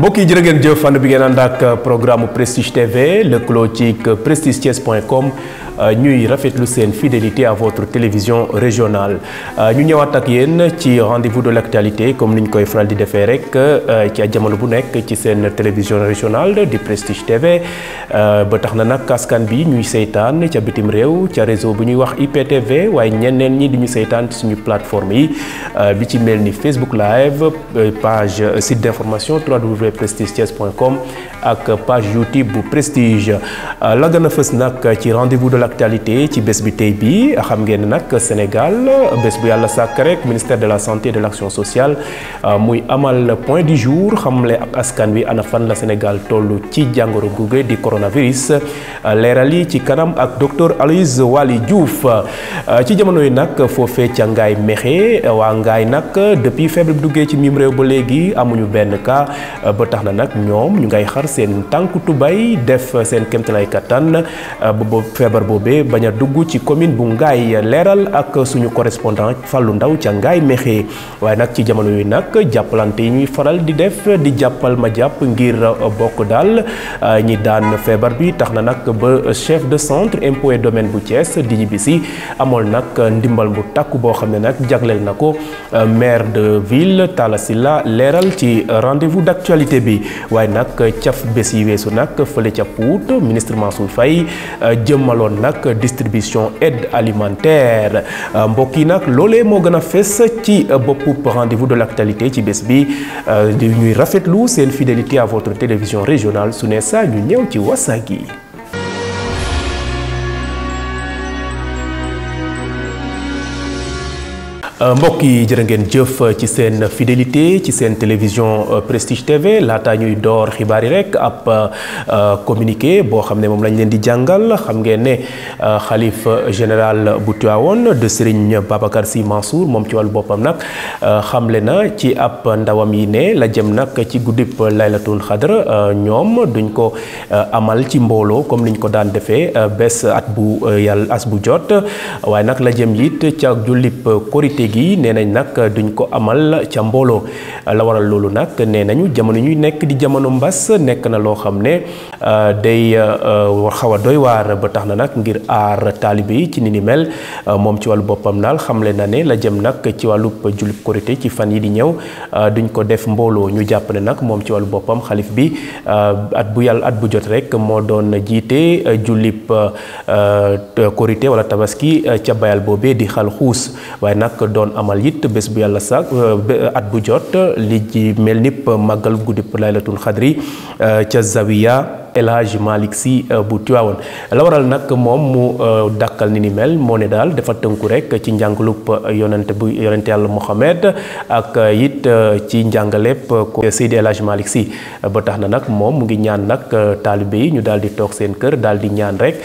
mbokk yi jërë ngeen jëf fan bi ngeen ànd ak programme Prestige TV lëkkaloo ci prestigethies.com Euh, ñuy rafetlu une fidélité à votre télévision régionale euh, ñu nous ak yéen ci rendez-vous de l'actualité comme nous ñu koy faral di defee rek euh, ci jamono bu nekk ci télévision régionale du Prestige TV ba tax na nag askan bi ñuy seytaan ca bitim réew ca réseau bu ñuy IPTV waaye ñeneen ñi di ñu seytaan ci suñu plateforme yi bi ci Facebook live page site d'information www.prestigethies.com ak page YouTube Prestige Nous gën a rendez-vous de l'actualité l'actualité ci bés bi tey bi xam ngeen nag Sénégal bés bu yàlla sàkk rek ministère de la santé et de l'action sociale euh, muy amal point du jour xamle ak askan wi ana fan la Sénégal toll ci jàngoro googu di coronavirus euh, leeral yi ci kanam ak docteur Aloyse Waly Diouf euh, ci jamono yi nag foofee ca Ngaye Mékhé waa Ngaye nag depuis feebar bi duggee ci miim réew ba léegi amuñu benn ka ba tax na nag ñoom ñu ngay xar seen tànku tubay def seen kéemtalaay kattan ba feebar boobu boobee bañ a dugg ci commune bu ngaay leeral ak suñu correspondant fàllu ndaw ca ngaay mexe waaye nag ci jamono yi nag jàppalante ñuy faral di def di jàppal ma jàpp ngir bokk daal ah, ñi daan feebar bi tax na ba chef de centre impo et domaine bu Thiès di ñibbisi amol nak ndimbal bu takku boo xam ne nag jagleel ah, maire de ville talasila leeral ci rendez-vous d'actualité bi waaye nag caf bés yi weesu nag fële ca puut ministre Mansour Faye ah, jëmmaloon nag distribution aide alimentaire euh, mbokina l'olé nag loolee moo gën ci euh, rendez-vous de l'actualité ci bës bi euh, di ñuy rafetlu seen fidélité à votre télévision régionale Sounessa, l'union ñu ñew ci Euh, mbokk yi jërë ngeen jëf euh, ci seen fidélité ci seen télévision euh, Prestige TV laataa ñuy door xibaar yi rek ab communiqué boo xam ne moom lañ leen di jàngal xam ngeen ne xalif général bu Tivaouane de Serigne Babacar Sy Mansour moom ci wàllu boppam nag xamle na ci ab ndawam yi ne la jëm nag ci guddib laylatul xadr ñoom duñ ko amal ci mbooloo comme niñ ko daan defee bés at bu yàlla as bu jot waaye nag la jëm it ca jullib korité gi nee nañ nag duñ ko amal ca mbooloo la waral loolu nag nee nañu jamono ñuy nekk di jamono mbas nekk na loo xam ne euh, day euh, xaw a doy waar ba tax na nag ngir aar taalibe yi ci ni ni mel moom ci wàllu boppam daal xamle na ne la jëm nag ci wàllub julub korité ci fan yi di ñëw euh, duñ ko def mbooloo ñu jàpp nag moom ci wàllu boppam xalif bi at bu yàlla at bu jot rek moo doon jiite jullib korité wala tabaski ca bayal boobee di xal xuus waaye nag doon amal it bés bu yàlla sàkk euh, at bu jot li ci mel ni màggal guddib laylatul xadri euh, ca zawiya ak El Hadj Malick Sy eh, bu Tiwaawoon la waral nag mu eh, dàkkal ni ni mel moo ne daal dafa tënku rek ci njàngalub eh, yonente bu yonente yàlla Mohamed ak it ci njàngaleb ko Seydi El Hadj Malick ba tax na nag moom mu ngi ñaan nag taalibe yi ñu daal di toog seen kër daal ñaan rek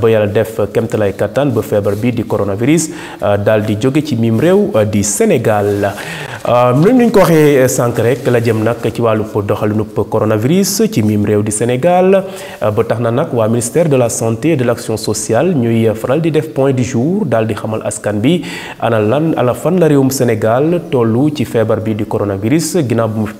ba yàlla def kemtalay kattan ba feebar bi di coronavirus daal di jóge ci mim réew di Senegal mën nañ ko waxee sànq rek la jëm nag ci wàllu doxalinub coronavirus ci mim réew di Senegal. Sénégal euh, ba ministère de la santé et de l'Action sociale Nous faral di def point du jour dans le xamal askan bi ana lan ala fan la Sénégal tollu ci bi di coronavirus bu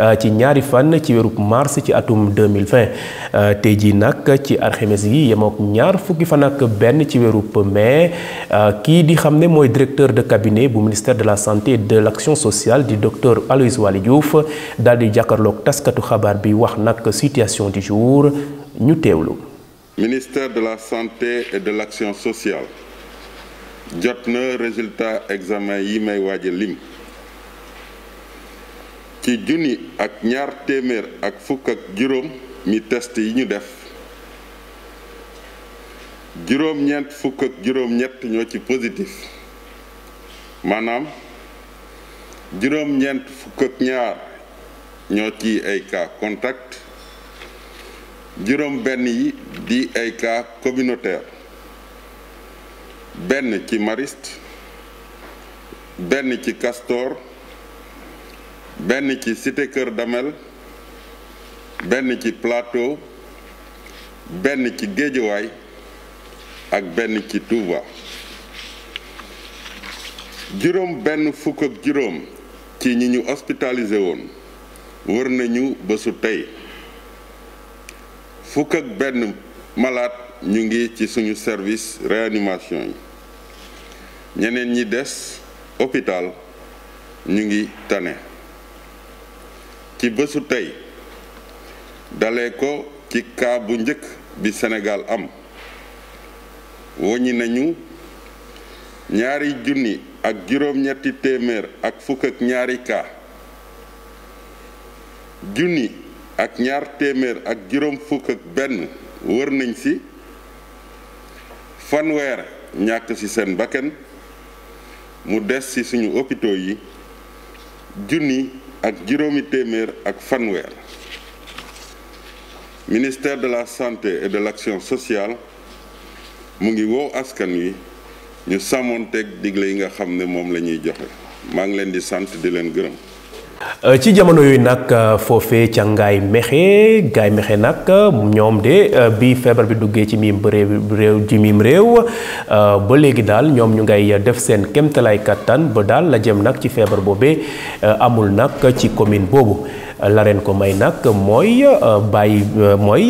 euh, ci ñaari fan ci weerub mars ci atum 2020 euh, tey ji nak ci alxames yi yemook ñaar fukki fan ak benn ci weerub mai euh, ki di xam moy directeur de cabinet bu ministère de la santé et de l'action sociale di docteur Alois Walidjouf, Diouf daal di jakarlok taskatu xabar bi wax nak situation du jour ñu tewlu ministère de la santé et de l'action sociale jotna na résultat examen yi may wajé lim. ci junni ak ñaar téeméer ak fukk ak juróom mi test yi ñu def juróom-ñeent fukk ak juróom-ñett ñoo ci positif maanaam juróom-ñeent fukk ak ñaar ñoo ci ay cas contact juróom-benn yi di ay cas communautaire benn ci Mariste benn ci Castor benn ci cité Kër Damel benn ci Plateau benn ci Géejawaay ak benn ci Touba juróom benn fukk ak juróom ci ñi ñu hospitalisé woon wër nañu bésu tey fukk ak benn malade ñu ngi ci suñu service réanimation yi ñeneen ñi des hôpital ñu ngi tane ci bésu tey dalee ko ci cas bu bi Sénégal am woññi nañu ñaari junni ak juróom-ñetti téeméer ak fukk ak ñaari cas junni ak ñaar téeméer ak juróom fukk ak benn wër nañ ci fanweer ñàkk ci seen bakkan mu des suñu hôpitaux yi junni ak juróomi téeméer ak fanweer ministère de la santé et de l'action sociale mu ngi woo askan wi ñu sàmmoon sàmmoonteeg digle yi nga xam ne moom la ñuy joxe maa ngi leen di sant di leen gërëm Euh, ci jamono yooyu nag euh, foofee ca ngaay mexe ngaay mexe nag ñoom de euh, bi feebar bi duggee ci miim réew ci miim réew ba léegi daal ñoom ñu ngay def seen kemtalaay kattan ba daal la jëm nag ci feebar boobee amul nag ci commune boobu la leen ko may nag mooy bàyyi mooy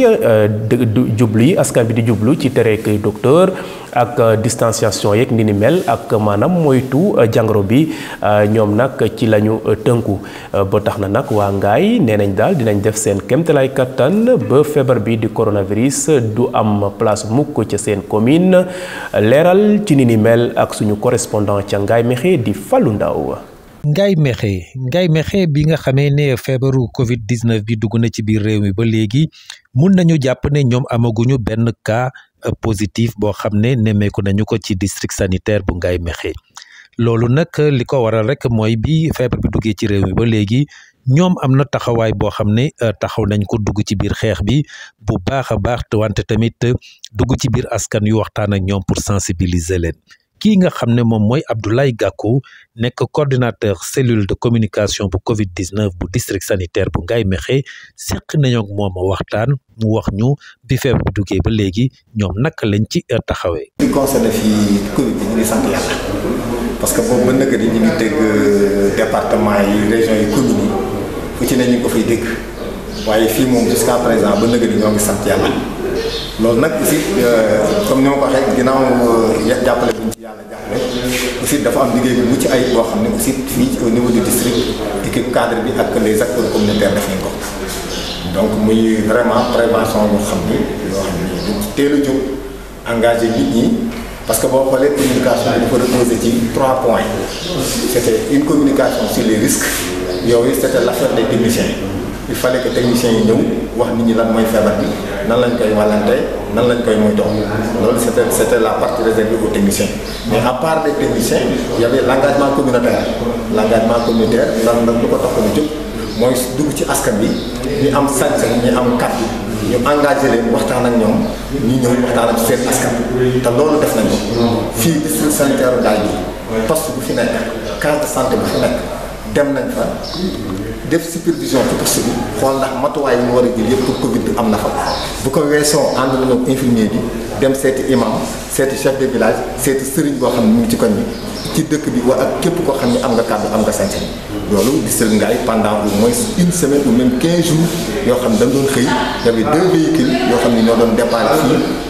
jublu yi askan bi di jublu ci tere kay docteur ak euh, distanciation yeeg ni mel ak maanaam moytu euh, jangoro bi euh, ñoom nag ci lañu tënku ba tax na nag waa ngaay nee nañ daal dinañ def seen kéemtalaay kattan ba feebar bi di coronavirus du am place mukk ca seen commune leeral ci nini mel ak suñu correspondant ca ngaay mexe di falu Ndaw Ngaye Mékhé Ngaye bi nga xamee ne feebaru Covid 19 bi dugg na ci biir réew mi ba léegi mun nañu jàpp ne ñoom amaguñu benn cas positif boo xam ne nemmeeku nañu ko ci district sanitaire bu ngay mexe loolu nag li ko waral rek mooy bi feebar bi duggee ci réew mi ba léegi ñoom am na taxawaay boo xam ne euh, taxaw nañ ko dugg ci biir xeex bi bu baax a baax wante tamit dugg ci biir askan yu waxtaan ak ñoom pour sensibiliser leen kii nga xamné mom moy Abdoulaye Gakou coordinateur cellule de communication pour Covid 19 bu district sanitaire bu Ngaye Mékhé sék nañoo ak moom waxtaan mu wax ñu bi feebar bi duggee ba légui ñom nak lañ ci euh, taxawé ci concerne fi Covid bi ñu ngi sant yàlla parce que boobu ba nëgg yi ñu ngi dégg euh, département yi région yi communes 19 fu ci ne ko fay dégg. waaye fii moom jusqu'à présent ba nëgë ni ñoo ngi sant yàlla loolu nag aussi euh, comme ni ma ko waxee ginnaaw euh, ya-, jàppale buñ ci yàlla jàppale aussi dafa am liggéey bu mucc ayib boo xam ne aussi fii au niveau du district équipe cadre bi ak les acteurs communautaires def nañ ko donc muy vraiment prévention loo xam ni yoo xam ni dañ a engagé nit ñi parce que boo xoolee communication dafa reposer ci trois points c' une communication sur les risques yooyu c' était l' des techniciens il fallait que techniciens y ñëw wax nit ñi lan mooy feebar bi nan lañ koy wàllante nan lañ koy moytoo loolu c'était c'était la partie réservée aux techniciens mais à part les techniciens il y avait l'engagement communautaire l'engagement communautaire lan lan lu ko tax ñu jóg mooy dugg ci askan bi ñu am sañ-sañ ñu am kàddu ñu engagé leen waxtaan ak ñoom ñu ñëw waxtaan ak seen askan te loolu def nañ ko fii district sanitaire daal poste bu fi santé bu fi dem nañ fa def supervision pour subi xool ndax matuwaay yi ñu war a jël yëpp Covid bi am na fa bu ko weesoo ànd nañoo infirmier bi dem seeti imam seeti chef de village seeti serigne bo xamni mu ci koñ bi ci dëkk bi wa ak képp koo xam ne am nga kàddu am nga sañ-sañ loolu di sëriñ Ngaye pendant au moins une semaine ou même 15 jours yoo xam ne dañ doon xëy y deux véhicules yoo xam ne ñoo doon départ fii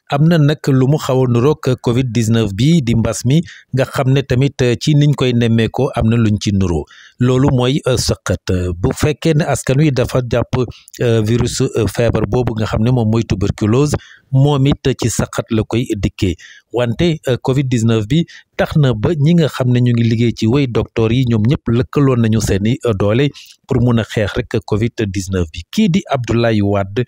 am na nag lu mu xaw a nuroog Covid 19 bi di mbas mi nga xam ne tamit euh, ci niñ koy nemmeekoo am na luñ ci nuroo loolu mooy euh, sëqët bu fekkee ne askan wi dafa jàpp euh, virus feebar boobu nga xam ne moom mooy tuberculose moom it ci sëqët la koy dikkee wante Covid 19 bi tax na ba ñi nga xam ne ñu ngi liggéey ci way docteur yi ñoom ñëpp lëkkaloon nañu seeni doole pour mun a xeex rek Covid 19 bi kii di Abdoulaye Wade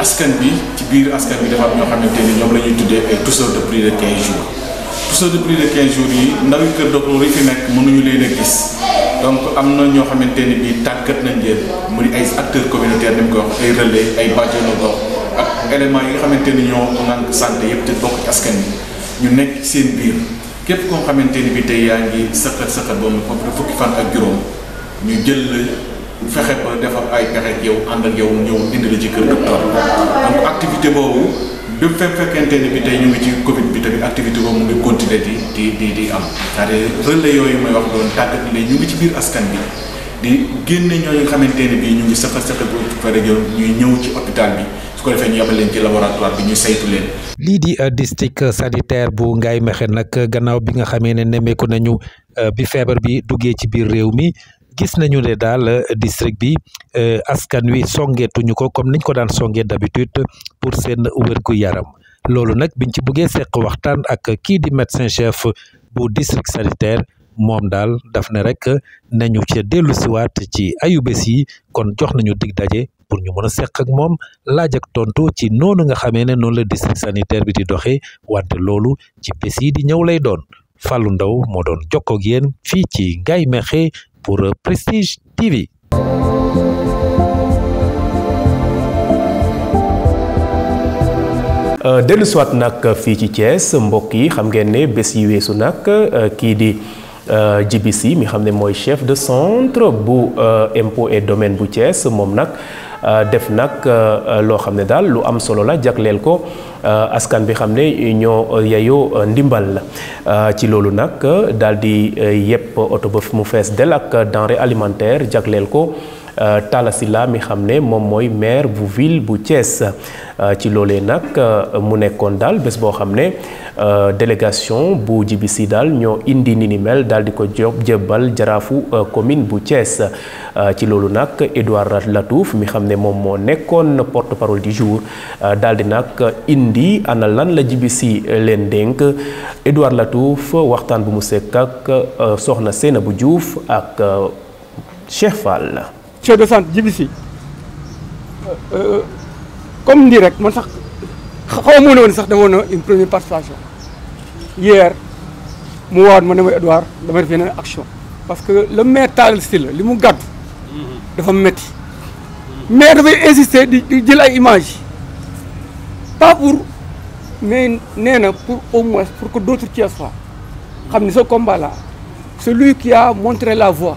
askan bi ci biir askan bi dafa am ñoo xamante ni ñoom la ñuy tuddee ay de plus de 15 jours tousseur de plus de 15 jours yi ndaw yi kër docteur yi fi nekk mënuñu leen gis donc am na ñoo xamante ni bii tàggat nañ leen mu di ay acteurs communautaires ni mu ko wax ay relais ay bàjjenu gox ak éléments yi nga xamante ni ñoo ŋànk santé yëpp te bokk ci askan bi ñu nekk seen biir képp koo xamante ni bii tey yaa ngi sëqat sëqat boobu fukki fan ak juróom ñu fexe ba defar ay pexe ak yow ànd ñëw indi la ci kër docteur donc boobu bépp fekk bi tey ñu ngi ci Covid bi tamit activité boobu mu ngi continuer di di di am cest à yooyu may wax doon tàggat ne ñu ngi ci biir askan bi di génne ñooñu nga xamante ñu ngi safa safa bu fa rek ñuy ñëw ci hôpital bi su ko defee ñu yebal ci laboratoire bi ñu saytu leen. lii di euh, district sanitaire bu Ngaye Mékhé nag gannaaw bi nga xamee ne nemmeeku nañu euh, bi feebar bi duggee ci biir réew mi. gis nañu ne daal euh, district bi euh, askan wi songeetuñu ko comme niñ ko daan songee d'habitude pour seen wérgu yaram loolu nag biñ ci bëggee seq waxtaan ak kii di médecin chef bu district sanitaire moom daal daf ne rek nañu ca dellu siwaat ci ayubés yi kon jox nañu dig daje pour ñu mën a seq ak moom laaj ak tontu ci noonu nga xamee ne noonu la district sanitaire bi di doxee wante loolu ci bés yi di ñëw lay doon Fallou Ndaw moo doon jokkoo ak yéen fii pour Prestige TV. Euh, dellu siwaat nag fii ci Thiès mbokk yi xam ngeen ne bés yi weesu nag euh, kii di euh, JBC mi xam ne mooy chef de centre bu impôt et domaine bu Thiès moom nag Euh, def nag euh, euh, loo xam ne daal lu am solo la jagleel ko askan bi xam ne ñoo yeyoo ndimbal la ci loolu nag daal di yépp oto ba mu fees del ak denrée alimentaire jagleel ko Euh, Talla la mi xam ne moom mooy maire bu ville bu Thiès euh, ci loolee nag euh, mu nekkoon daal bés boo xam ne délégation bu Djibi si daal ñoo indi ni ni daal di ko job jébbal jaraafu commune bu Thiès ci loolu nag Edouard Latouf mi xam ne moom moo nekkoon porte-parole du jour daal di nag indi ana lan la Djibi Sy leen dénk Edouard Latouf waxtaan bu mu sekk ak soxna bu juuf ak Cheikh Fall de centre Djibi euh, comme direct, moi, man sax xaw une première participation hier mu waawoon ma ne ma Edouard dama action parce que le métal, style, le le mu gàddu dafa metti maire dafay insister di jël ay pas pour mais pour au moins pour que d'autres qui soient. comme ce combat là celui qui a montré la voie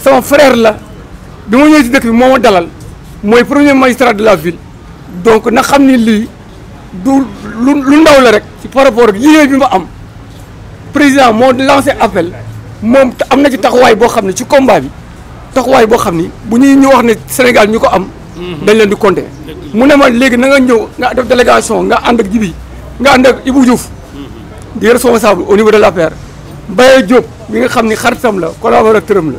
sama frère la bi ma ñëwee ci dëkk bi moo ma dalal mooy premier magistrat de la ville donc na xam ni lii du lu lu ndaw la rek ci par rapport ak liggéey bi ma am président moo lancé appel moom am na ci taxawaay boo xam ne ci combat bi taxuwaay boo xam ni bu ñuy ñu wax ne Sénégal ñu ko am. Mhm. dañ leen di compter. mu ne ma léegi na nga ñëw nga def délégation nga ànd ak Jibi nga ànd ak Ibou Diouf. Mhm. di responsable au niveau de l'APR. Mbaye Diop bi nga xam ni xaritam la collaborateur am la.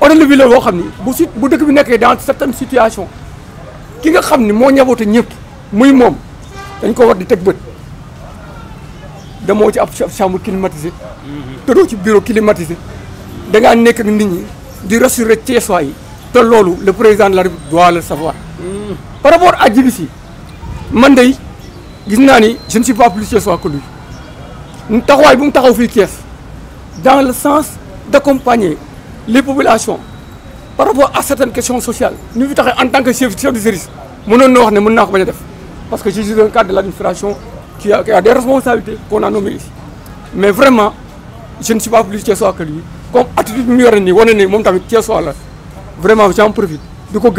On le si vous dëkk dans certaines situations ki nga xam ni est ñëpp muy dañ ko di mhm. ci bureau climatisé. da ak nit ñi rassurer le président de la République doit le savoir. Mhm. par rapport à Djibouti je ne suis pas plus Thiessois que lui nous bu mu taxaw dans le sens d'accompagner les populations par rapport à certaines questions sociales nous, en tant que chef de service je ne me parce que je suis un le cadre de l'administration qui a, des responsabilités qu'on a nommées ici mais vraiment je ne suis pas plus Thiessois que lui comme attitude mieux, mu yore nii wane ni vraiment j'en profite Je ne crois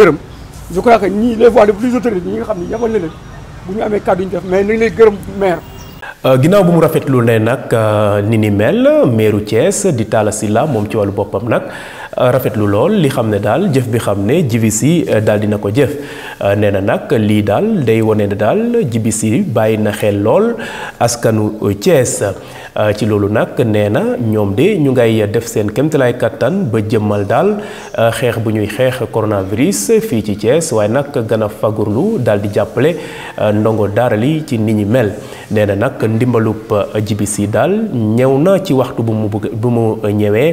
je crois que les voix les plus autorités nous nga xam ne yabal na le bu mais Euh, ginnaaw bu mu rafetlu ne nag euh, ni ni mel meeru Thiès di Talla Sylla moom ci wàllu boppam nag rafetlu lool li xam ne daal jëf bi xam ne JVC eh, daal dina ko jëf eh, nee na nag lii daal day wone ne JVC bàyyi xel lool askanu Thiès eh, ci loolu nag nee na ñoom de ñu ngay def seen kéemtalaay kattan ba jëmmal daal xeex bu ñuy xeex coronavirus fii ci Thiès waaye nag gën a fagurlu daal di jàppale ndongo daara ci ni ñi mel nee na nag ndimbalub JVC daal ci waxtu bu mu bu mu ñëwee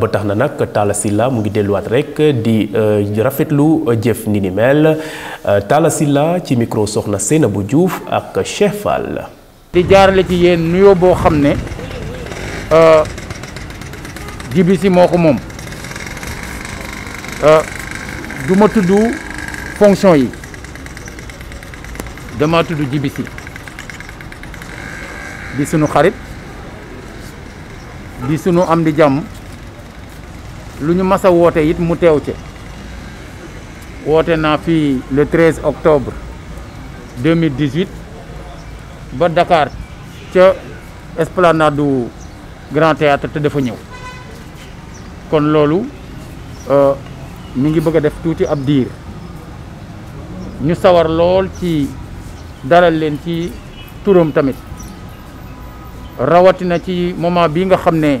ba tax na nag Talla Sylla mu ngi delluwaat rek di euh, rafetlu euh, jëf ni ni mel euh, Talla ci micro soxna bu Diouf ak Cheikh Fall. di jaarale ci yéen nuyo bo xamne ne GBC si ko du fonction yi dama tudd jibi di sunu xarit di sunu am di jam lu ñu masa woote it mu teew ci woote naa fii le 13 octobre 2018 ba dakaar ca esplanade du Grand Théâtre te dafa ñëw kon loolu euh, mu ngi bëgg a def tuuti ab diir ñu sawar lool ci dalal leen ci turam tamit rawatina ci moment bi nga xam ne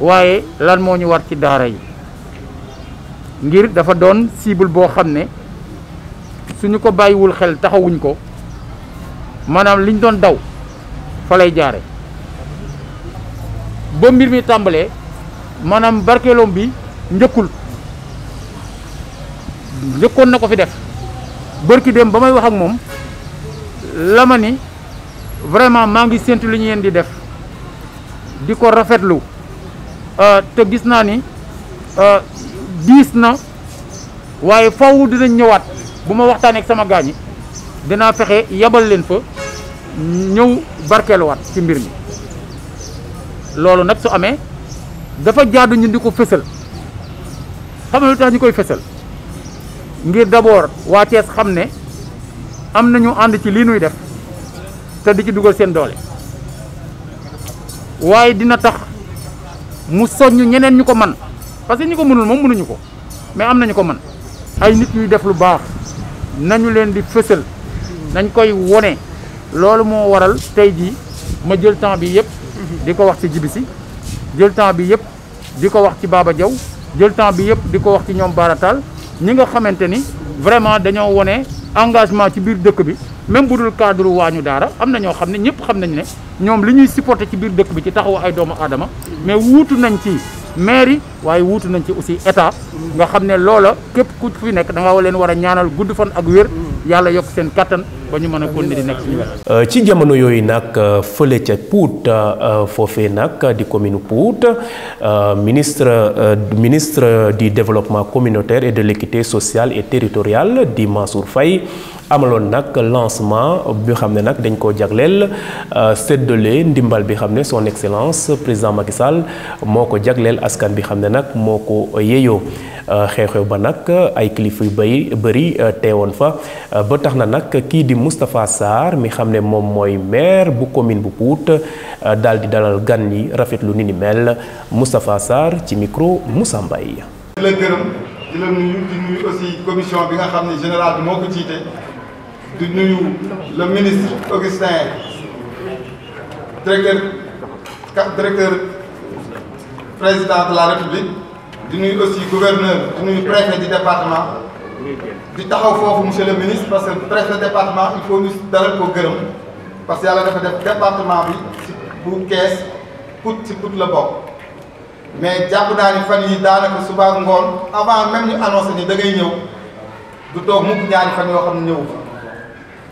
waaye lan moo ñu war ci daara yi ngir dafa doon cible boo xam ne suñu ko bàyyiwul xel taxawuñ ko maanaam liñ doon daw fa lay jaare ba mbir mi tàmbalee maanaam barkeloom bi njëkkul njëkkoon na ko fi def bërki dem ba may wax ak moom lamani ma vraiment maa ngi séntu li ñu yeen di def di ko rafetlu Euh, te gis naa ni euh, diis na waaye faw dinañ ñëwaat bu ma waxtaanee ak sama gaañi dinaa fexe yabal leen fa ñëw barkeeluwaat ci mbir mi loolu nag su amee dafa jaadu ñu di ko fësal xam nga lu tax ñu koy fësal ngir d'abord waa Thiès xam ne am nañu ànd ci lii nuy def te di ci dugal seen doole waaye dina tax mu soññ ñeneen ñu ko man parce que ñu ko mënul moom mënuñu ko mais am nañu ko man ay nit yuy def lu baax nañu leen di fësal nañ koy wone loolu moo waral tey jii ma jël temps bi yëpp di ko wax ci Djiby jël temps bi yëpp di ko wax ci baaba jaw jël temps bi yëpp di ko wax ci ñoom Baratal ñi nga xamante ni vraiment dañoo wone engagement ci biir dëkk bi même bu dul cadre waañu daara am na ñoo xam ne ñëpp xam nañ ne ñoom li ñuy supporter ci biir dëkk bi ci taxawu ay doomu aadama mais wuutu nañ ci maire yi waaye wuutu nañ ci aussi état nga xam ne loola képp ku fi nekk da nga leen war a ñaanal gudd fan ak wér yàlla yokk seen kattan ba ñu mën a continuer di nekk euh, ci jamono yooyu nag euh, fële ca Pout euh, foofee nag di commune Pout ministre ministre du développement communautaire et de l'équité sociale et territoriale di Mansour amalon nak lancement bi xam ne nag Dimbal koo euh, ndimbal bi son excellence président Macky Moko moko askan bi Moko nak moko Banak, ko euh, xew-xew ba nak ay kilifa yu bay euh, téwon fa ba taxna nak ki di Sar mi xamné mom moy maire bu commune dalal gan yi rafet mel Mustapha ci micro commission bi nga di le ministre Augustin directeur directeur président de la république di nuyu aussi gouverneur di nuyu préfet du département di taxaw foofu monsieur le ministre parce que préfet département il faut nous dalal ko gërëm parce que yàlla dafa def département bi si bu kees put si la bokk mais jàpp naa ni fan yi daanaka suba ngoon avant même ñu annoncé ni da ngay ñëw du toog mukk ñaari fan yoo xam ne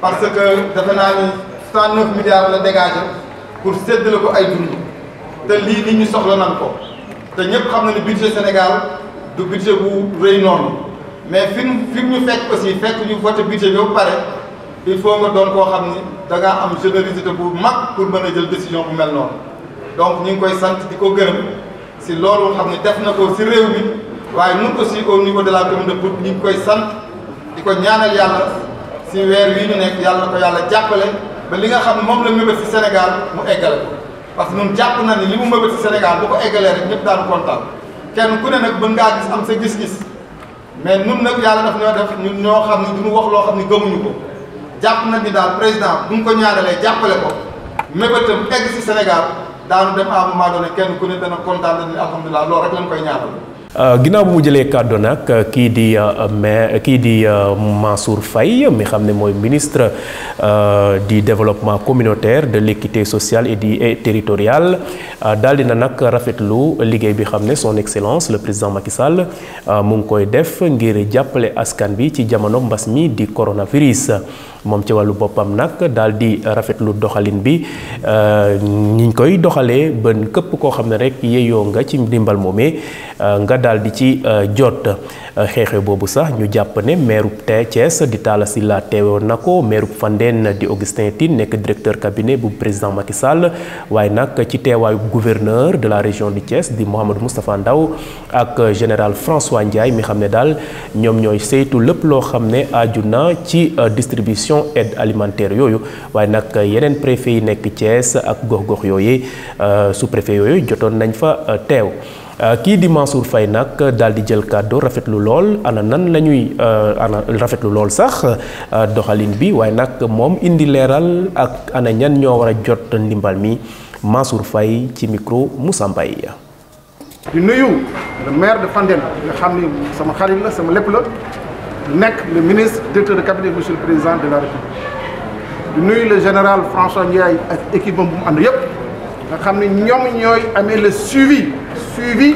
parce que dafa naa 109 milliards la dégagé pour séddale ko ay dund te lii nit ñu soxla nan ko te ñëpp xam na ni budget Sénégal du budget bu rëy noonu mais fi mu fi mu ñu fekk aussi fekk ñu voté budget bi ba il faut nga doon koo xam ni da ngaa am générosité bu mag pour mën a jël décision bu mel noonu donc ñu ngi koy sant di gërëm si loolu xam ni def na ko si réew mi waaye ñun aussi au niveau de la commune de Pout ñu ngi koy sant di ko ñaanal yàlla. si weer wii ñu nekk yàlla na ko yàlla jàppale ba li nga xam ne moom la mébét ci Sénégal mu eggale ko parce que ñun jàpp na ni li mu mébét si Sénégal bu ko eggalee rek ñëpp daan kontaan kenn ku ne nag mën ngaa gis am sa gis-gis mais ñun nag yàlla daf ñoo def ñun ñoo xam ne duñu wax loo xam ne gëmuñu ko jàpp na ni daal président bu mu ko ñaanalee jàppale ko mébétam egg si Sénégal daanu dem à un moment donné kenn ku ne dana kontaan dañu alhamdulilah loolu rek lañ koy ñaanal Euh, Gina bu mu jëlee kàddu di mais euh, kii di euh, Mansour Faye mi xam ne ministre du développement communautaire de l'équité sociale et territoriale daal dina nag rafetlu liggéey bi xam son excellence le président Macky Sall mu ngi koy def ngir jàppale askan bi ci jamono mbas di coronavirus. moom ci wàllu boppam nag daal di rafetlu doxalin bi ñiñ euh, koy doxalee ba képp koo xam ne rek yeyoo nga ci ndimbal moomee euh, nga daal di ci euh, jot xeexee boobu sax ñu jàpp ne meerub Thiès di Talla la teewoon na ko meerub Fandène di Augustin Tine nekk directeur cabinet bu président Macky Sall waaye nag ci teewaayu gouverneur de la région de Thiès di Mouhamadou Moustapha Ndaw ak général François Ndiaye mi xam ne daal ñoom ñooy saytu lépp loo xam ne aju na ci distribution mission aide alimentaire yooyu waaye nag yeneen préfet yi ak gox-gox yooyu euh, sous préfet yooyu joton nañ fa euh, Tew. Euh, kii di Mansour Faye nag dal di jël kàddu Rafet lool ana nan la ñuy ana rafetlu lool sax doxalin bi waaye nag mom indi leral ak ana ñan ñoo war jot ndimbal mi Mansour Faye ci micro Moussa Mbaye. di nuyu le maire de nga sama xarit la sama la. nek le ministre directeur de cabinet monsieur le président de la république Nous, le général François Ndiaye ak équipe am bu mu nga xamni ñom le suivi suivi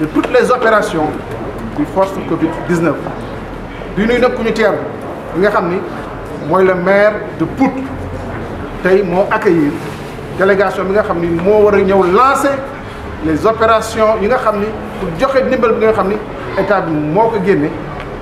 de toutes les opérations du force Covid 19. Nous nuy nak ku ñu teeru nga xamni le maire de Pout tay mo accueillir délégation bi nga xamni mo wara ñew a lancer les opérations yi nga xamni pour joxe ndimbal bi nga xamni état bi moo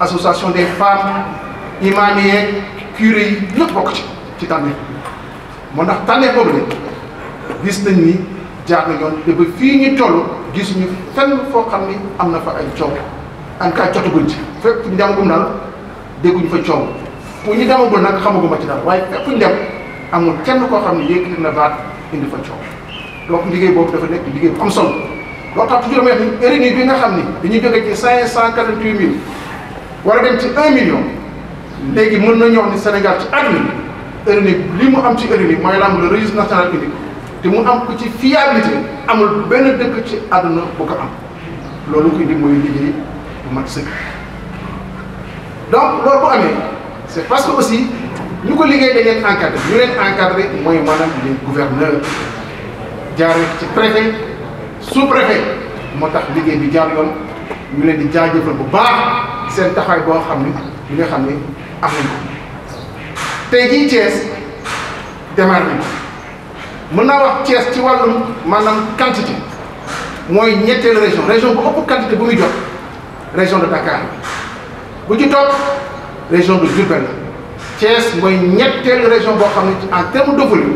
association des femmes imaam yeeg curé yi ñëpp bokk ci ci tànneef moo tax tànneef boobu de gis nañ ni jaar na yoon te fii ñu toll gisuñu ñu fenn foo xam ni am na fa ay coow en tout cas jotaguñ ci fépp fu ñu demagum daal dégguñu fa coow fu ñu demagul nag xamaguma ci daal waaye fépp fu ñu dem amul kenn koo xam ne yëkkati na baat indi fa coow donc liggéey boobu dafa nekk liggéey bu am solo loo tax toujours may wax ni bi nga xam ni dañuy jóge ci cinq cent quarante huit mille wala dem ci 1 million légui mën nañu wax ni Sénégal ci aduna ërnik li mu am ci ërnik moy lam le registre national unique te mu am ko ci fiabilité amul benn dëkk ci aduna bu ko am loolu ko di moy liggéey bu mat sëkk donc loolu bu amee c'est parce que aussi ñu ko liggéey da ngeen encadré ñu leen encadré mooy maanaam les gouverneurs jaare ci préfet sous préfet moo liggéey bi jaar yoon ñu leen di jaajëfal bu baax seen taxawaay boo xam ni li nga xam ni am nañ tey jii Thiès démarré nañ ko mën naa wax Thiès ci wàllum maanaam quantité mooy ñetteelu région région bu ëpp quantité bu muy jot région de Dakar bu ci topp région de Diourbel la Thiès mooy ñetteelu région boo xam ne en terme de volume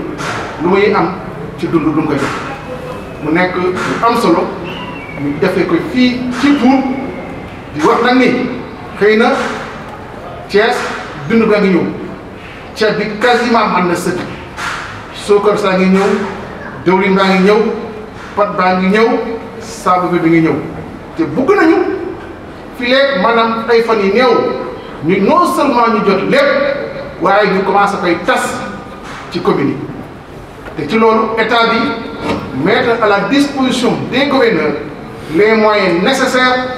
lu muy am ci dund lu mu koy def mu nekk lu am solo ñu defee ko fii ci pour di wax nag ni xëy na Thiès dund ba ngi ñëw ceeb bi quasiment man na sëkk suukar saa ngi ñëw diwlin baa ngi ñëw pat baa ngi ñëw saabu bi bi ngi ñëw te bugg nañu fileeg maanaam ay fan yi néew ñu non seulement ñu jot lépp waaye ñu commencé koy tas ci commune yi te ci loolu état bi mettre à la disposition des gouverneurs les moyens nécessaires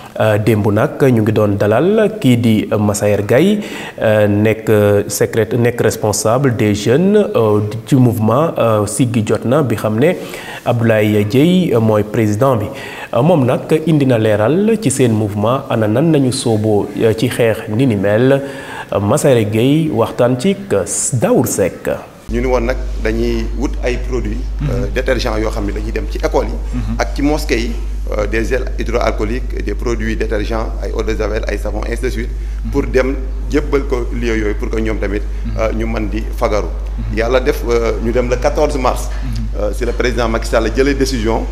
Euh, dembu nak ñu ngi doon dalal ki di Massaer Gay euh, nek secret nek responsable des jeunes du euh, mouvement Siggi Jotna bi xam Abdoulaye Dièye moy président bi mom nak indi na ci seen mouvement ana nan nañu sobo ci xex ni ni mel Massaer Gay waxtan ci Daour Seck ñu ni won nak dañuy wut ay produits mhm. détergents yo xamni dañuy dem ci école yi mhm. ak ci mosquée yi euh, des gels hydroalcooliques des produits détergents ay eau de javel ay savons, ainsi de suite pour dem jébbal ko lieu yooyu pour que ñoom tamit mm-hmm. euh, ñu mën di fagaru mm-hmm. yàlla def euh, ñu dem le 14 mars C'est mm-hmm. le président Macky Sall jëlee décision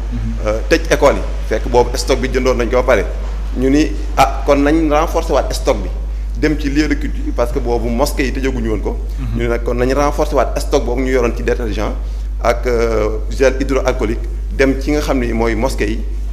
tëj école yi fekk boobu stock bi jëndoon nañ ko pare ñu ni ah kon nañ renforcer waat stock bi dem ci lieu de culture parce que boobu mosquée yi tëjaguñu woon ko ñu ne nag kon nañ renforcer waat stock boobu ñu yoroon ci détergent ak gel hydroalcoolique dem ci nga xam ni mosquée yi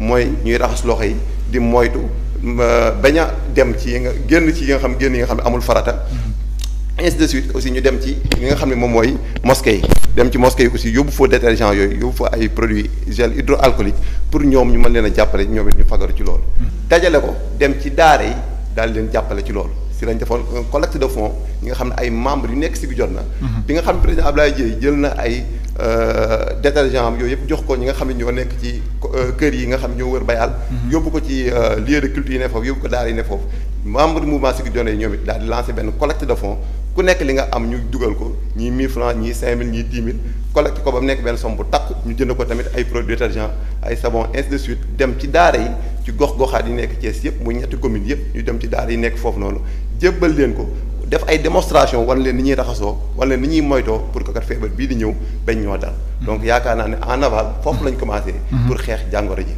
mooy ñuy raxas loxo yi di moytu bañ dem ci yi nga génn ci yi nga xam génn yi nga xam ne amul farata ainsi de suite aussi ñu dem ci li nga xam ne moom mooy mosquée yi dem ci mosquée yi aussi yóbbu fa détergent yooyu yóbbu fa ay produits gel hydroalcoolique pour ñoom ñu mën leen a jàppale ñoom ñu fagaru ci loolu dajale ko dem ci daara yi daal leen jàppale ci loolu si lañ defoon collecte de fonds ñi nga xam ne ay membre yu nekk si bi jot na mmh. bi nga xam ne na ay Euh, détergent am yooyu yëpp jox ko ñi nga xam ne ñoo nekk ci euh, kër yi nga xam ñoo wër Bayal. Mhm. yóbbu ko ci euh, lieu de culture yi ne foofu yóbbu ko daara yi ne foofu membre mouvement Siggil Jona yi ñoom it daal di lancé benn collecte de fonds ku nekk li nga am ñu dugal ko ñii 1000 francs ñii 5000 ñii 10 000 collecte ko ba mu nekk benn somme bu takku ñu jënd ko tamit ay produits détergents ay savon ainsi suite dem ci daara yi ci gox goxaat yi nekk Thiès yëpp muy ñetti communes yëpp ñu dem ci daara yi nekk foofu noonu jébbal leen ko. def ay démonstration war leen ni ñuy raxasoo war leen ni ñuy moytoo pour que kat feebar bii di ñëw bañ ñoo dal donc yaakaar naa ne en aval foofu lañ commencé mhm. pour xeex jàngoro ji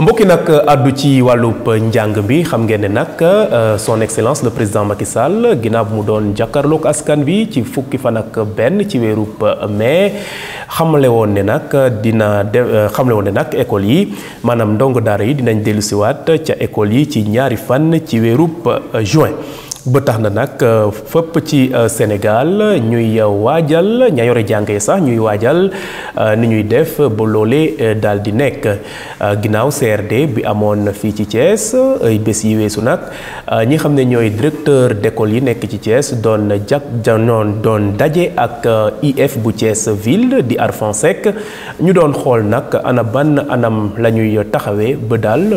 mbokki nag addu euh, ci wàllub njàng bi xam ngeen ne nag euh, son excellence le président Macky Sall ginnaaw bu mu doon jàkkaarloog askan bi ci fukki fan ak benn ci weerub mai xamle woon ne nag dina de euh, xamle woon ne nag école yi maanaam ndongo daara yi dinañ dellusiwaat ca école yi ci ñaari fan ci weerub juin ba na nag fépp ci eh, sénégal ñuy eh, waajal ña yore jàngee sax ñuy waajal eh, ni ñuy def ba loolee dal di nekk ginnaaw crd bi amoon fii ci thiès ay bés yi weesu nag ñi xam ne directeur yi ci thiès don jak janoon daje ak if bu thiès ville di arfan sec ñu Hol xool nag ana ban anam la ñuy taxawee ba daal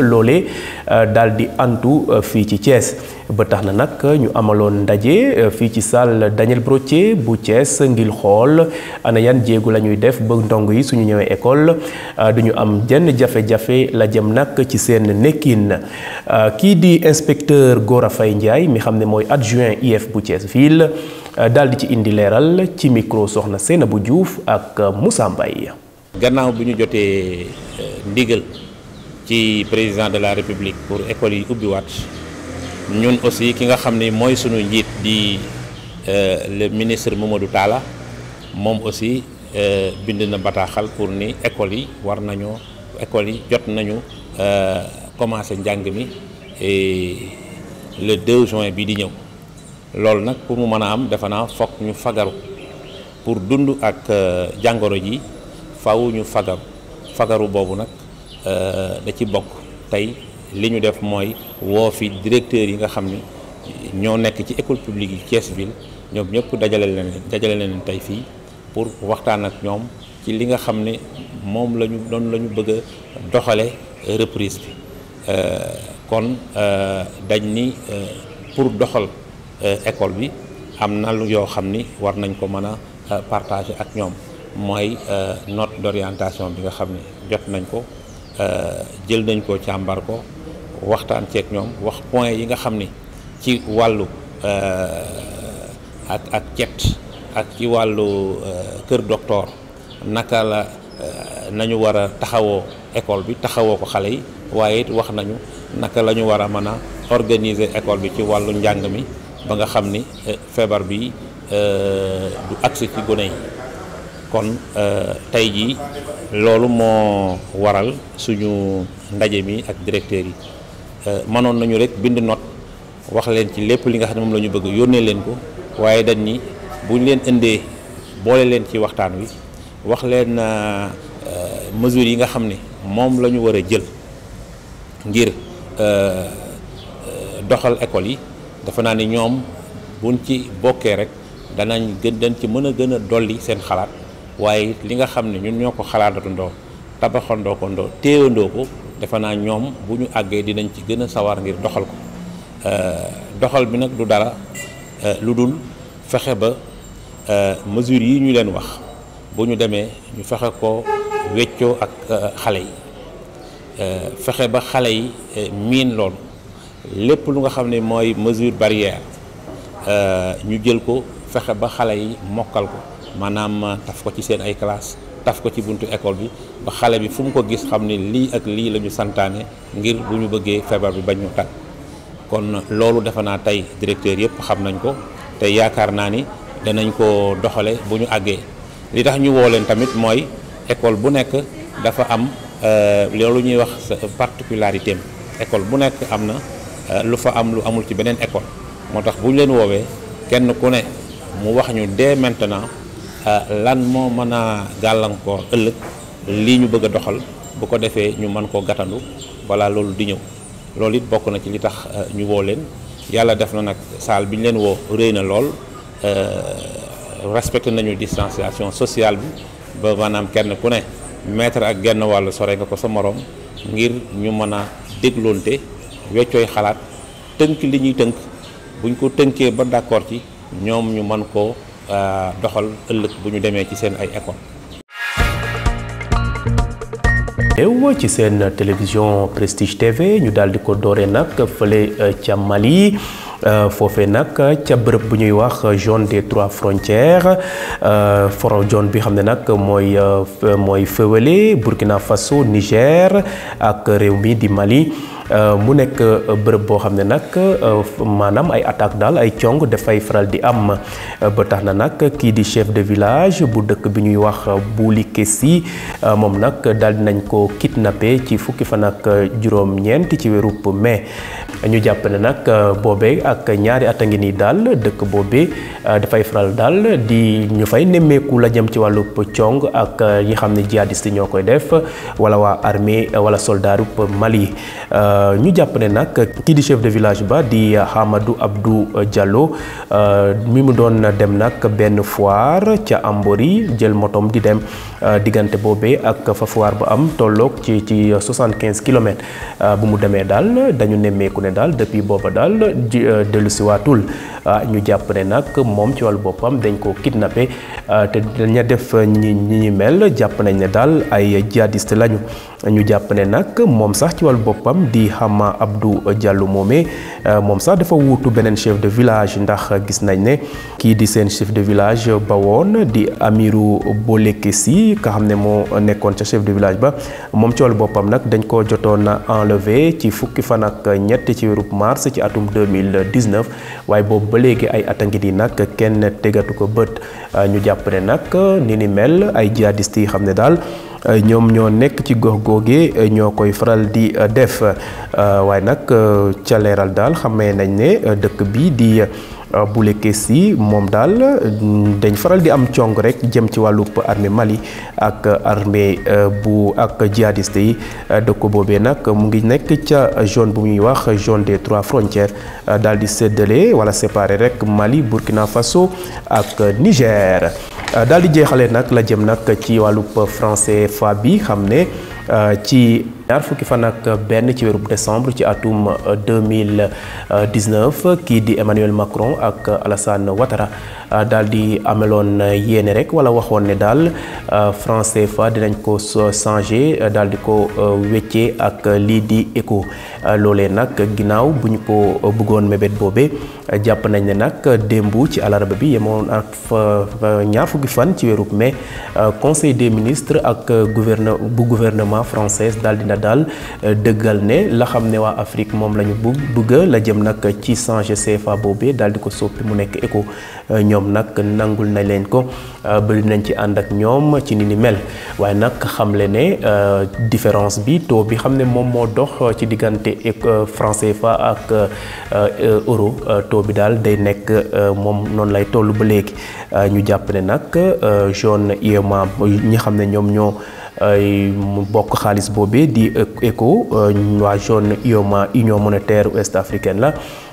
dal di antu fi ci thiès ba tax na nag ñu amaloon ndaje euh, fii ci salle Daniel Brottier bu Thiès ngir xool ana yan jéegu la ñuy def ba ndong yi suñu ñëwee école euh, du ñu am jenn jafe-jafe la jëm nag ci seen nekkin na euh, kii di inspecteur Gora fay Ndiaye mi xam ne mooy adjoint IF bu Thiès ville daal di ci indi leeral ci micro soxna bu Diouf ak Moussa Mbaye gannaaw bi ñu jotee ndigal ci président de la république pour école yi ubbiwaat ñun aussi ki nga xam ni mooy sunu njiit di euh, le ministre Mamadou Talla moom aussi euh, bind na bataaxal pour ni école yi war nañoo école yi jot nañu euh, commencé njàng mi le 2 juin bii di ñëw loolu nag pour mu mën a am defe naa foog ñu fagaru pour dund ak jàngoro ji faw ñu fagaru fagaru boobu nag da ci bokk tey li ñu def mooy woo fi directeurs yi nga xam ni ñoo nekk ci école publique yi Thiès ville ñoom ñëpp dajale leen dajale leen tey fii pour waxtaan ak ñoom ci li nga xam ne moom la ñu doon la ñu bëgg a doxale reprise bi euh, kon euh, dañ ni euh, pour doxal école bi am na lu yoo xam ni war nañ ko mën a partager ak ñoom mooy note d'orientation bi nga xam ne jot nañ ko jël nañ ko càmbar ko waxtaan ceeg ñoom wax point yi nga xam ni ci wàllu euh, ak ak cet ak ci wàllu euh, kër docteur naka la euh, nañu war a taxawoo école bi taxawoo ko xale yi waaye it wax nañu naka la ñu war a mën a organiser école bi ci wàllu njàng mi ba nga xam ni feebar bi du agsi ci gone yi kon tey jii loolu moo waral suñu ndaje mi ak directeur yi Euh, mënoon nañu rek bind note wax leen ci lépp li nga xam ne moom la ñu bëgg yónnee leen ko waaye dañ ni bu leen indee boole leen ci waxtaan wi wax leen euh, mesures yi nga xam ne moom la ñu war a jël ngir euh, doxal école yi dafa naa ne ñoom buñ ci bokkee rek danañ gën dañ ci mën a gën a dolli seen xalaat waaye li nga xam ne ñun ñoo ko xalaatandoo tabaxandoo ko ndoo téewandoo ko defe naa ñoom bu ñu àggee dinañ ci gën a sawar ngir doxal ko euh, doxal bi nag du dara euh, lu dul fexe ba euh, mesures yi ñu leen wax bu ñu demee ñu fexe ko weccoo ak xale yi fexe ba xale yi miin loolu lépp lu nga xam ne mooy mesure barrière ñu jël ko fexe ba xale yi mokkal ko maanaam taf ko ci seen ay classe taf ko ci buntu école bi ba xale bi fu mu ko gis xam ne lii ak lii la ñu santaane ngir bu ñu bëggee feebar bi bañ ñu tàgg kon loolu defe naa tey directeur yëpp xam nañ ko te yaakaar naa ni danañ ko doxale bu ñu àggee li tax ñu woo leen tamit mooy école bu nekk dafa am euh, loolu ñuy wax sa particularité école bu nekk am na euh, lu fa am lu amul ci beneen école moo tax bu ñu leen woowee kenn ku ne mu wax ñu dès maintenant Euh, lan moo mën a gàllankoor ëllëg lii ñu bëgg a doxal bu ko defee ñu mën koo gàttandu balaa loolu di ñëw loolu it bokk na ci li tax euh, ñu woo leen yàlla def na nag saal bi ñu leen woo rëy na lool euh, respecté nañu distanciation sociale bi ba maanaam kenn ku ne mètre ak genn wàll sore nga ko sa moroom ngir ñu mën a dégloonte weccooy xalaat tënk li ñuy tënk buñ ko tënkee ba d'accord ci ñoom ñu mën ko Euh, doxal ëllëg bu ñu ci télévision Prestige TV ñu daal di ko euh, Mali. Euh, nag bu ñuy des trois frontières foro zone bi Burkina Faso Niger ak réew mi di Mali Euh, mu nekk euh, bërëb boo xam ne nag euh, maanaam ay attaque daal ay cong dafay faral di am ba tax na nag kii di chef de village bu dëkk bi ñuy wax Bouli Kessi moom nag daal nañ ko kidnappé ci fukki fan ak juróom-ñeent ci weeru mai ñu jàpp ne nag boobee ak ñaari at a ngi nii daal dëkk boobee dafay faral daal di ñu fay nemmeeku la jëm ci wàllu cong ak yi xam ne jihadiste ñoo koy def wala waa armée wala soldaru Mali. Euh, ñu jàpp ne nag kii di chef de village ba di Hamadou Abdou Diallo euh, mi mu doon dem nag benn foire ca Ambori jël motom di dem euh, digante boobee ak fa foire ba am tolloog ci ci 75 kilomètres bu mu demee daal dañu nemmeeku ne daal depuis booba daal dellu siwaatul ah, ñu jàpp ne nag moom ci wàllu boppam dañ ko kidnappé te daña def ñi ñi mel jàpp nañ ne daal ay jihadiste lañu ñu jàpp ne nag moom sax ci wàllu boppam di di Hama Abdou Diallo moomee euh, moom sax dafa wuutu beneen chef de village ndax gis nañ ne kii di seen chef de village ba woon di Amirou Bolekesi ka xam ne moo nekkoon ca chef de village ba moom ci wàllu boppam nag dañ ko jotoon enlevé ci fukki fan ak ñett ci weeru mars ci atum 2019 waaye boobu ba léegi ay at a ngi di nag kenn tegatu ko bët euh, ñu jàpp ne nag ni ni mel ay jihadistes yi xam ne daal Euh, ñoom ñoo nekk ci gox googe euh, ñoo koy faral di euh, def waaye nag ca leeral daal xamee nañ ne dëkk bi di Boulé yi moom daal mm, dañ faral di am cong rek jëm ci wàllu armée Mali ak armée bu ak jihadiste yi dëkk boobee nag mu ngi nekk ca zone bu ñuy wax zone des trois frontières daal di séddale wala séparer rek Mali Burkina Faso ak Niger. Euh, daal di jeexalee nag la jëm nag ci wàllub français fa bi xam ne euh, ci Il faut fan ak ben ci weerub décembre ci atum 2019 qui di Emmanuel Macron ak Alassane Ouattara euh, dal di amelon yenerek rek wala waxone dal daal euh, franc CFA dinañ ko changer euh, dal di ko wéccé ak li di écho lolé nak ginaaw buñ ñu ko bëggoon mébét boobe jàpp nañ ne nag démb ci alarba bi yemoon ak ñaar fukki fan ci weerub mais conseil des ministres ak gouvernement français dal daal euh, dëggal ne la xam ne waa Afrique moom la ñu bu bëgg la jëm nag ci changer CFA boobee daal di ko soppi mu nekk éco euh, ñoom nag nangul na leen ko euh, bëri nañ ci ànd ak ñoom ci ni ni mel waaye nag xamle ne différence bi taux bi xam ne moom moo dox ci diggante franc fa ak euro taux bi daal day nekk moom noonu lay toll ba léegi ñu jàpp ne nag jaune UEMOA ñi xam ne ñoom ñoo mu bokk xaalis boobee di ECO euh, waa zone UEMOA union monétaire ouest africaine la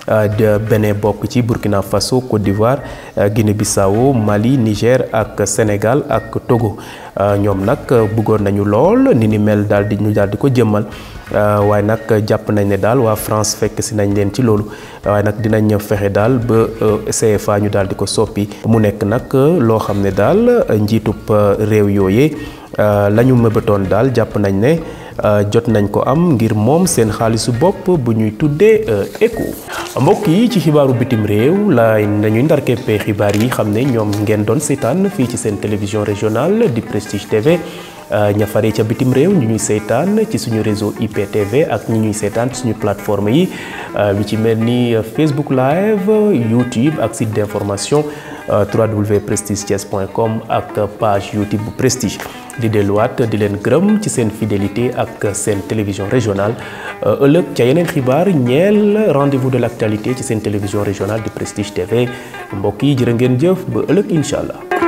euh, Benin bokk ci Burkina Faso Côte d'Ivoire euh, Guinée-Bissau Mali Niger ak Sénégal ak Togo ñoom nag bëggoon nañu lool ni ni mel daal di ñu daal di ko jëmmal waaye nag jàpp nañ ne daal waa France fekk si nañ leen ci loolu waaye nag dinañ fexe daal ba CFA ñu daal di ko soppi mu nekk nag loo xam ne daal njiitub réew yooyee Euh, la ñu mëbatoon daal jàpp nañ ne euh, jot nañ ko am ngir moom seen xaalisu bopp bu ñuy tuddee écho euh, mbokk yi ci xibaaru bitim réew la nañuy ndar keppee xibaar yi xam ne ñoom ngeen doon seetaan fii ci seen télévision régionale di Prestige TV ñafare ca bitim réew ñu ñuy seetaan ci suñu réseau IPTV ak ñu ñuy seetaan ci suñu plateforme yi lu ci mel ni Facebook live YouTube ak site d'information Euh, www.prestigethies.com ak page YouTube Prestige di Dylan di qui gërëm ci seen fidélité ak seen télévision régionale euh, ëllëg ci yeneen xibaar ñeel rendez-vous de l'actualité ci seen télévision régionale de Prestige TV mbokk yi jërë ngeen jëf ba ëllëg